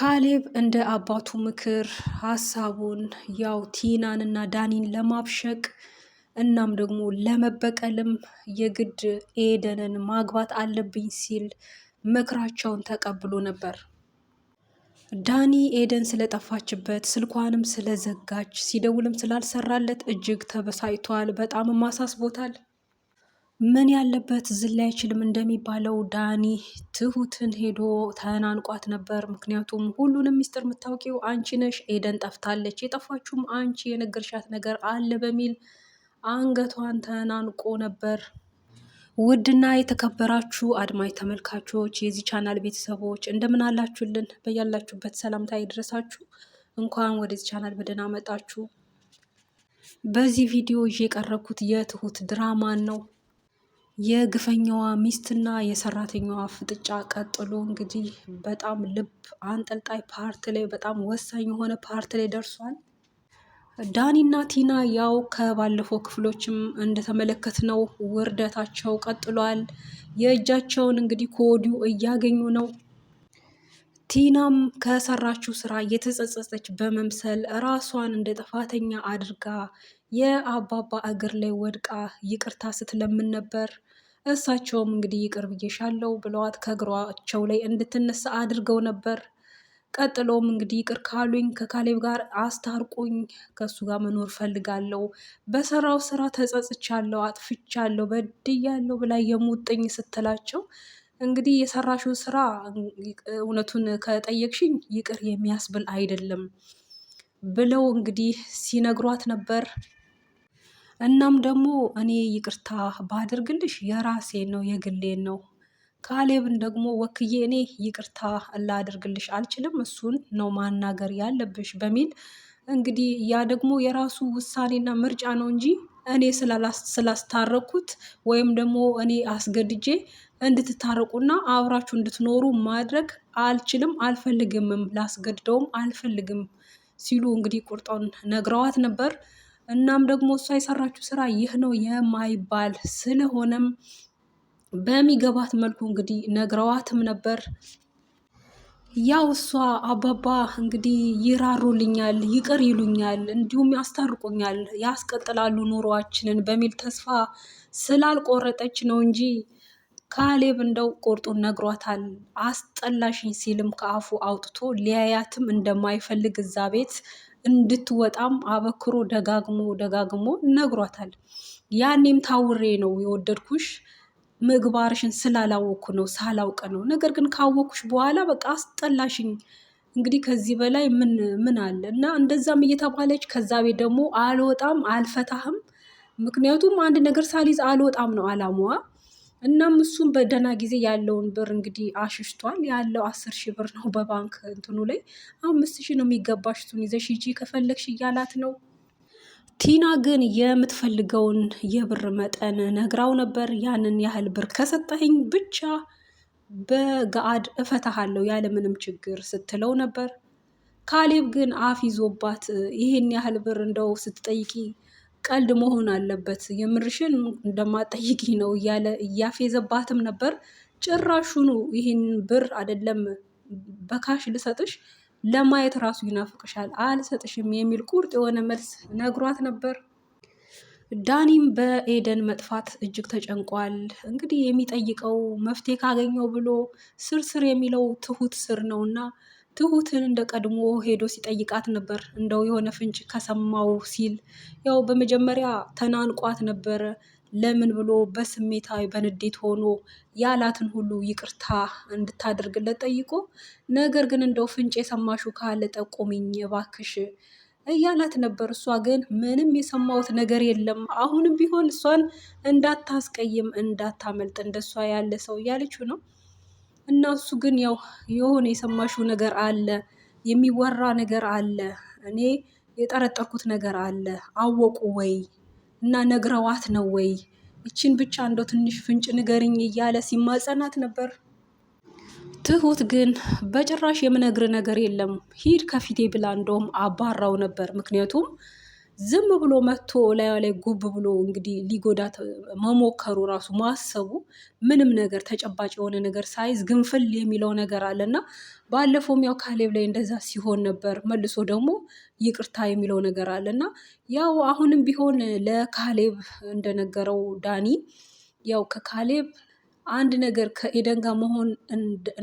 ካሌብ እንደ አባቱ ምክር ሀሳቡን ያው ቲናን እና ዳኒን ለማብሸቅ እናም ደግሞ ለመበቀልም የግድ ኤደንን ማግባት አለብኝ ሲል ምክራቸውን ተቀብሎ ነበር። ዳኒ ኤደን ስለጠፋችበት ስልኳንም ስለዘጋች ሲደውልም ስላልሰራለት እጅግ ተበሳጭቷል። በጣም ማሳስቦታል። ምን ያለበት ዝላ አይችልም እንደሚባለው ዳኒ ትሁትን ሄዶ ተናንቋት ነበር። ምክንያቱም ሁሉንም ሚስጥር የምታውቂው አንቺ ነሽ፣ ኤደን ጠፍታለች፣ የጠፋችሁም አንቺ የነገርሻት ነገር አለ በሚል አንገቷን ተናንቆ ነበር። ውድና የተከበራችሁ አድማጭ ተመልካቾች፣ የዚህ ቻናል ቤተሰቦች እንደምን አላችሁልን? በያላችሁበት ሰላምታ ይድረሳችሁ። እንኳን ወደዚህ ቻናል በደህና መጣችሁ። በዚህ ቪዲዮ እየቀረብኩት የትሁት ድራማን ነው። የግፈኛዋ ሚስትና የሰራተኛዋ ፍጥጫ ቀጥሎ እንግዲህ በጣም ልብ አንጠልጣይ ፓርት ላይ በጣም ወሳኝ የሆነ ፓርት ላይ ደርሷል። ዳኒና ቲና ያው ከባለፈው ክፍሎችም እንደተመለከትነው ውርደታቸው ቀጥሏል። የእጃቸውን እንግዲህ ከወዲሁ እያገኙ ነው። ቲናም ከሰራችው ስራ እየተጸጸጸች በመምሰል ራሷን እንደ ጥፋተኛ አድርጋ የአባባ እግር ላይ ወድቃ ይቅርታ ስትለምን ነበር። እሳቸውም እንግዲህ ይቅር ብዬሻለው ብለዋት ከእግሯቸው ላይ እንድትነሳ አድርገው ነበር። ቀጥሎም እንግዲህ ይቅር ካሉኝ ከካሌብ ጋር አስታርቁኝ፣ ከእሱ ጋር መኖር ፈልጋለው፣ በሰራው ስራ ተጸጽቻለሁ፣ አጥፍቻለሁ፣ በድያለሁ ብላ የሙጥኝ ስትላቸው እንግዲህ የሰራሽው ስራ እውነቱን ከጠየቅሽኝ ይቅር የሚያስብል አይደለም ብለው እንግዲህ ሲነግሯት ነበር። እናም ደግሞ እኔ ይቅርታ ባድርግልሽ የራሴን ነው የግሌን ነው። ካሌብን ደግሞ ወክዬ እኔ ይቅርታ ላድርግልሽ አልችልም፣ እሱን ነው ማናገር ያለብሽ በሚል እንግዲህ ያ ደግሞ የራሱ ውሳኔና ምርጫ ነው እንጂ እኔ ስላስታረኩት ወይም ደግሞ እኔ አስገድጄ እንድትታረቁና አብራችሁ እንድትኖሩ ማድረግ አልችልም፣ አልፈልግምም፣ ላስገድደውም አልፈልግም ሲሉ እንግዲህ ቁርጦን ነግረዋት ነበር። እናም ደግሞ እሷ የሰራችው ስራ ይህ ነው የማይባል ስለሆነም በሚገባት መልኩ እንግዲህ ነግረዋትም ነበር። ያው እሷ አባባ እንግዲህ ይራሩልኛል፣ ይቅር ይሉኛል፣ እንዲሁም ያስታርቁኛል፣ ያስቀጥላሉ ኑሯችንን በሚል ተስፋ ስላልቆረጠች ነው እንጂ ካሌብ እንደው ቁርጡን ነግሯታል። አስጠላሽኝ ሲልም ከአፉ አውጥቶ ሊያያትም እንደማይፈልግ እዛ ቤት እንድትወጣም አበክሮ ደጋግሞ ደጋግሞ ነግሯታል። ያኔም ታውሬ ነው የወደድኩሽ ምግባርሽን ስላላወቅኩ ነው ሳላውቅ ነው። ነገር ግን ካወቅኩሽ በኋላ በቃ አስጠላሽኝ። እንግዲህ ከዚህ በላይ ምን ምን አለ እና እንደዛም እየተባለች ከዛ ቤት ደግሞ አልወጣም አልፈታህም፣ ምክንያቱም አንድ ነገር ሳልይዝ አልወጣም ነው አላማዋ። እናም እሱም በደህና ጊዜ ያለውን ብር እንግዲህ አሽሽቷል። ያለው አስር ሺህ ብር ነው በባንክ እንትኑ ላይ። አምስት ሺህ ነው የሚገባሽ፣ እሱን ይዘሽ ሂጂ ከፈለግሽ እያላት ነው። ቲና ግን የምትፈልገውን የብር መጠን ነግራው ነበር። ያንን ያህል ብር ከሰጠኝ ብቻ በገአድ እፈታሃለሁ ያለምንም ችግር ስትለው ነበር። ካሌብ ግን አፍ ይዞባት ይህን ያህል ብር እንደው ስትጠይቂ ቀልድ መሆን አለበት፣ የምርሽን እንደማጠይቂ ነው እያለ እያፌዘባትም ነበር። ጭራሹኑ ይህን ብር አይደለም በካሽ ልሰጥሽ ለማየት ራሱ ይናፍቅሻል፣ አልሰጥሽም የሚል ቁርጥ የሆነ መልስ ነግሯት ነበር። ዳኒም በኤደን መጥፋት እጅግ ተጨንቋል። እንግዲህ የሚጠይቀው መፍትሄ ካገኘው ብሎ ስር ስር የሚለው ትሁት ስር ነውና ትሁትን እንደ ቀድሞ ሄዶ ሲጠይቃት ነበር። እንደው የሆነ ፍንጭ ከሰማው ሲል ያው በመጀመሪያ ተናንቋት ነበረ። ለምን ብሎ በስሜታዊ በንዴት ሆኖ ያላትን ሁሉ ይቅርታ እንድታደርግለት ጠይቆ፣ ነገር ግን እንደው ፍንጭ የሰማሹ ካለ ጠቁሚኝ እባክሽ እያላት ነበር። እሷ ግን ምንም የሰማሁት ነገር የለም፣ አሁንም ቢሆን እሷን እንዳታስቀይም እንዳታመልጥ እንደሷ ያለ ሰው እያለችው ነው። እና እሱ ግን ያው የሆነ የሰማሽው ነገር አለ፣ የሚወራ ነገር አለ፣ እኔ የጠረጠርኩት ነገር አለ። አወቁ ወይ እና ነግረዋት ነው ወይ እችን ብቻ እንደው ትንሽ ፍንጭ ንገርኝ እያለ ሲማጸናት ነበር። ትሁት ግን በጭራሽ የምነግር ነገር የለም ሂድ ከፊቴ ብላ እንደውም አባራው ነበር ምክንያቱም ዝም ብሎ መጥቶ ላያ ላይ ጉብ ብሎ እንግዲህ ሊጎዳት መሞከሩ ራሱ ማሰቡ ምንም ነገር ተጨባጭ የሆነ ነገር ሳይዝ ግንፍል የሚለው ነገር አለና ባለፈውም ያው ካሌብ ላይ እንደዛ ሲሆን ነበር። መልሶ ደግሞ ይቅርታ የሚለው ነገር እና ያው አሁንም ቢሆን ለካሌብ እንደነገረው ዳኒ ያው ከካሌብ አንድ ነገር ከኤደን ጋር መሆን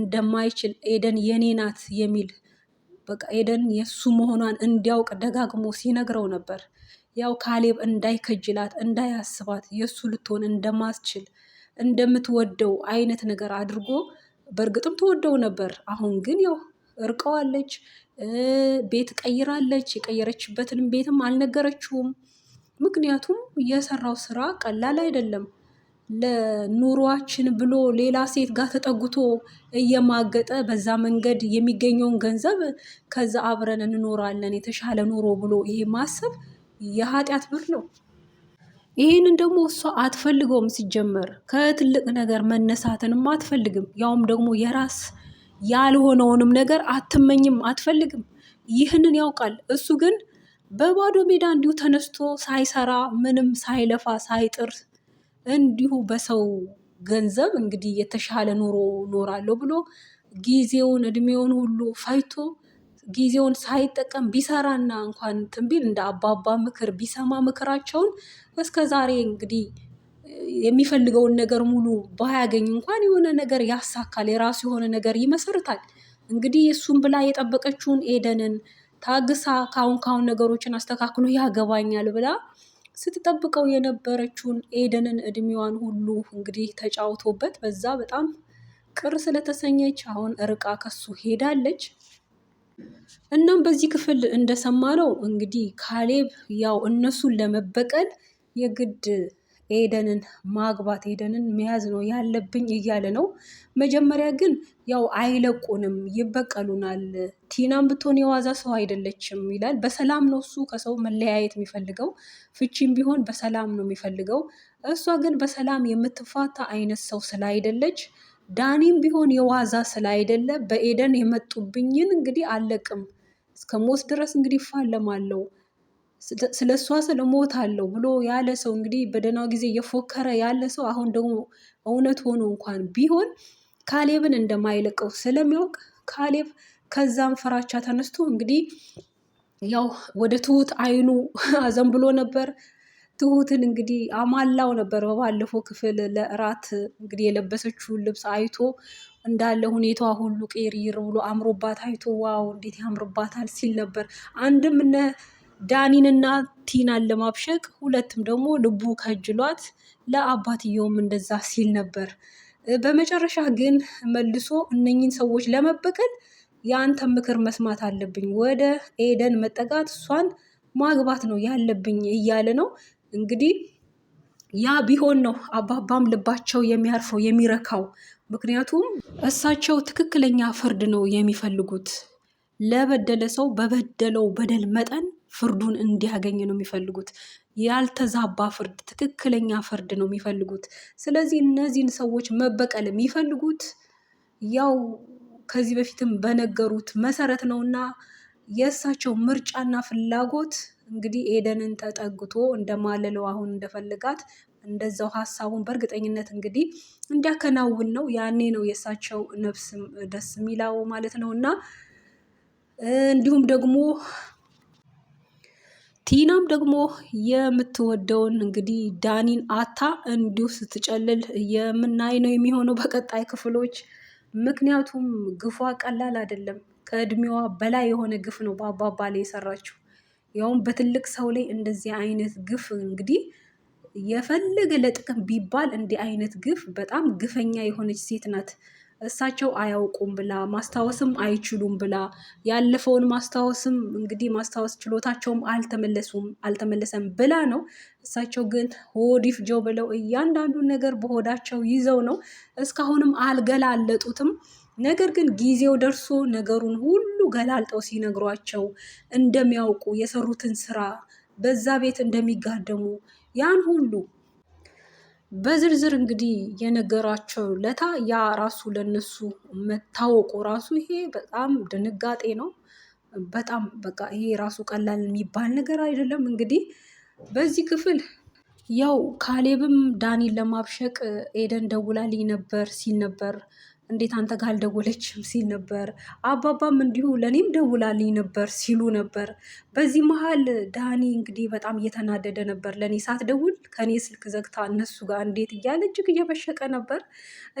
እንደማይችል ኤደን የኔ ናት የሚል በቃ ኤደን የእሱ መሆኗን እንዲያውቅ ደጋግሞ ሲነግረው ነበር። ያው ካሌብ እንዳይከጅላት እንዳያስባት የእሱ ልትሆን እንደማስችል እንደምትወደው አይነት ነገር አድርጎ በእርግጥም ትወደው ነበር። አሁን ግን ያው እርቀዋለች፣ ቤት ቀይራለች። የቀየረችበትንም ቤትም አልነገረችውም። ምክንያቱም የሰራው ስራ ቀላል አይደለም። ለኑሯችን ብሎ ሌላ ሴት ጋር ተጠጉቶ እየማገጠ በዛ መንገድ የሚገኘውን ገንዘብ ከዛ አብረን እንኖራለን የተሻለ ኑሮ ብሎ ይሄ ማሰብ የኃጢአት ብር ነው። ይህንን ደግሞ እሷ አትፈልገውም። ሲጀመር ከትልቅ ነገር መነሳትንም አትፈልግም። ያውም ደግሞ የራስ ያልሆነውንም ነገር አትመኝም፣ አትፈልግም። ይህንን ያውቃል። እሱ ግን በባዶ ሜዳ እንዲሁ ተነስቶ ሳይሰራ ምንም ሳይለፋ ሳይጥር እንዲሁ በሰው ገንዘብ እንግዲህ የተሻለ ኑሮ ኖራለሁ ብሎ ጊዜውን እድሜውን ሁሉ ፋይቶ ጊዜውን ሳይጠቀም ቢሰራና እንኳን ትንቢል እንደ አባባ ምክር ቢሰማ ምክራቸውን እስከ ዛሬ እንግዲህ የሚፈልገውን ነገር ሙሉ ባያገኝ እንኳን የሆነ ነገር ያሳካል፣ የራሱ የሆነ ነገር ይመሰርታል። እንግዲህ እሱም ብላ የጠበቀችውን ኤደንን ታግሳ ካሁን ካሁን ነገሮችን አስተካክሎ ያገባኛል ብላ ስትጠብቀው የነበረችውን ኤደንን እድሜዋን ሁሉ እንግዲህ ተጫውቶበት በዛ በጣም ቅር ስለተሰኘች አሁን እርቃ ከሱ ሄዳለች። እናም በዚህ ክፍል እንደሰማነው እንግዲህ ካሌብ ያው እነሱን ለመበቀል የግድ ኤደንን ማግባት ኤደንን መያዝ ነው ያለብኝ እያለ ነው። መጀመሪያ ግን ያው አይለቁንም፣ ይበቀሉናል፣ ቲናም ብትሆን የዋዛ ሰው አይደለችም ይላል። በሰላም ነው እሱ ከሰው መለያየት የሚፈልገው፣ ፍቺም ቢሆን በሰላም ነው የሚፈልገው። እሷ ግን በሰላም የምትፋታ አይነት ሰው ስላይደለች ዳኒም ቢሆን የዋዛ ስላይደለ በኤደን የመጡብኝን እንግዲህ አለቅም እስከ ሞት ድረስ እንግዲህ ይፋለማለው ስለ እሷ አለው ብሎ ያለ ሰው እንግዲህ በደህና ጊዜ እየፎከረ ያለ ሰው አሁን ደግሞ እውነት ሆኖ እንኳን ቢሆን ካሌብን እንደማይለቀው ስለሚያውቅ ካሌብ ከዛም ፍራቻ ተነስቶ እንግዲህ ያው ወደ ትሁት አይኑ አዘንብሎ ነበር። ትሁትን እንግዲህ አማላው ነበር። በባለፈው ክፍል ለእራት እንግዲህ የለበሰችውን ልብስ አይቶ እንዳለ ሁኔታዋ ሁሉ ቄሪር ብሎ አምሮባት አይቶ ዋው እንዴት ያምርባታል ሲል ነበር። አንድም እነ ዳኒንና ቲናን ለማብሸቅ ሁለትም ደግሞ ልቡ ከጅሏት ለአባትየውም እንደዛ ሲል ነበር። በመጨረሻ ግን መልሶ እነኝን ሰዎች ለመበቀል የአንተ ምክር መስማት አለብኝ፣ ወደ ኤደን መጠጋት፣ እሷን ማግባት ነው ያለብኝ እያለ ነው እንግዲህ ያ ቢሆን ነው አባባም ልባቸው የሚያርፈው የሚረካው። ምክንያቱም እሳቸው ትክክለኛ ፍርድ ነው የሚፈልጉት። ለበደለ ሰው በበደለው በደል መጠን ፍርዱን እንዲያገኝ ነው የሚፈልጉት። ያልተዛባ ፍርድ፣ ትክክለኛ ፍርድ ነው የሚፈልጉት። ስለዚህ እነዚህን ሰዎች መበቀል የሚፈልጉት ያው ከዚህ በፊትም በነገሩት መሰረት ነው እና የእሳቸው ምርጫና ፍላጎት እንግዲህ ኤደንን ተጠግቶ እንደማለለው አሁን እንደፈልጋት እንደዛው ሀሳቡን በእርግጠኝነት እንግዲህ እንዲያከናውን ነው። ያኔ ነው የእሳቸው ነፍስ ደስ የሚላው ማለት ነው እና እንዲሁም ደግሞ ቲናም ደግሞ የምትወደውን እንግዲህ ዳኒን አታ እንዲሁ ስትጨልል የምናይ ነው የሚሆነው በቀጣይ ክፍሎች። ምክንያቱም ግፏ ቀላል አይደለም። ከእድሜዋ በላይ የሆነ ግፍ ነው በአባባ ላይ የሰራችው። ያውም በትልቅ ሰው ላይ እንደዚህ አይነት ግፍ እንግዲህ የፈለገ ለጥቅም ቢባል እንዲህ አይነት ግፍ በጣም ግፈኛ የሆነች ሴት ናት። እሳቸው አያውቁም ብላ ማስታወስም አይችሉም ብላ ያለፈውን ማስታወስም እንግዲህ ማስታወስ ችሎታቸውም አልተመለሱም አልተመለሰም ብላ ነው። እሳቸው ግን ሆዲፍ ጆ ብለው እያንዳንዱን ነገር በሆዳቸው ይዘው ነው። እስካሁንም አልገላለጡትም። ነገር ግን ጊዜው ደርሶ ነገሩን ሁሉ ገላልጠው ሲነግሯቸው እንደሚያውቁ የሰሩትን ስራ በዛ ቤት እንደሚጋደሙ ያን ሁሉ በዝርዝር እንግዲህ የነገራቸው ለታ ያ ራሱ ለነሱ መታወቁ ራሱ ይሄ በጣም ድንጋጤ ነው። በጣም በቃ ይሄ ራሱ ቀላል የሚባል ነገር አይደለም። እንግዲህ በዚህ ክፍል ያው ካሌብም ዳኒን ለማብሸቅ ኤደን ደውላልኝ ነበር ሲል ነበር እንዴት አንተ ጋር አልደወለችም ሲል ነበር። አባባም እንዲሁ ለእኔም ደውላልኝ ነበር ሲሉ ነበር። በዚህ መሀል ዳኒ እንግዲህ በጣም እየተናደደ ነበር። ለእኔ ሳትደውል ከእኔ ስልክ ዘግታ እነሱ ጋር እንዴት እያለ እጅግ እየበሸቀ ነበር።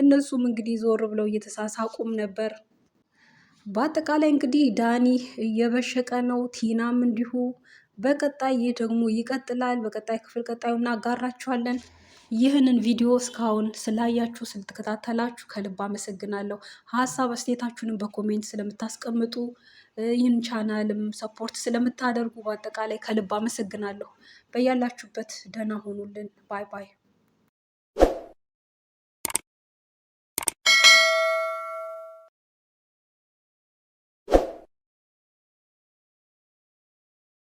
እነሱም እንግዲህ ዞር ብለው እየተሳሳቁም ነበር። በአጠቃላይ እንግዲህ ዳኒ እየበሸቀ ነው። ቲናም እንዲሁ። በቀጣይ ይህ ደግሞ ይቀጥላል። በቀጣይ ክፍል ቀጣዩና አጋራችኋለን። ይህንን ቪዲዮ እስካሁን ስላያችሁ ስለተከታተላችሁ ከልብ አመሰግናለሁ። ሀሳብ አስተያየታችሁንም በኮሜንት ስለምታስቀምጡ ይህን ቻናልም ሰፖርት ስለምታደርጉ በአጠቃላይ ከልብ አመሰግናለሁ። በያላችሁበት ደህና ሆኑልን። ባይ ባይ።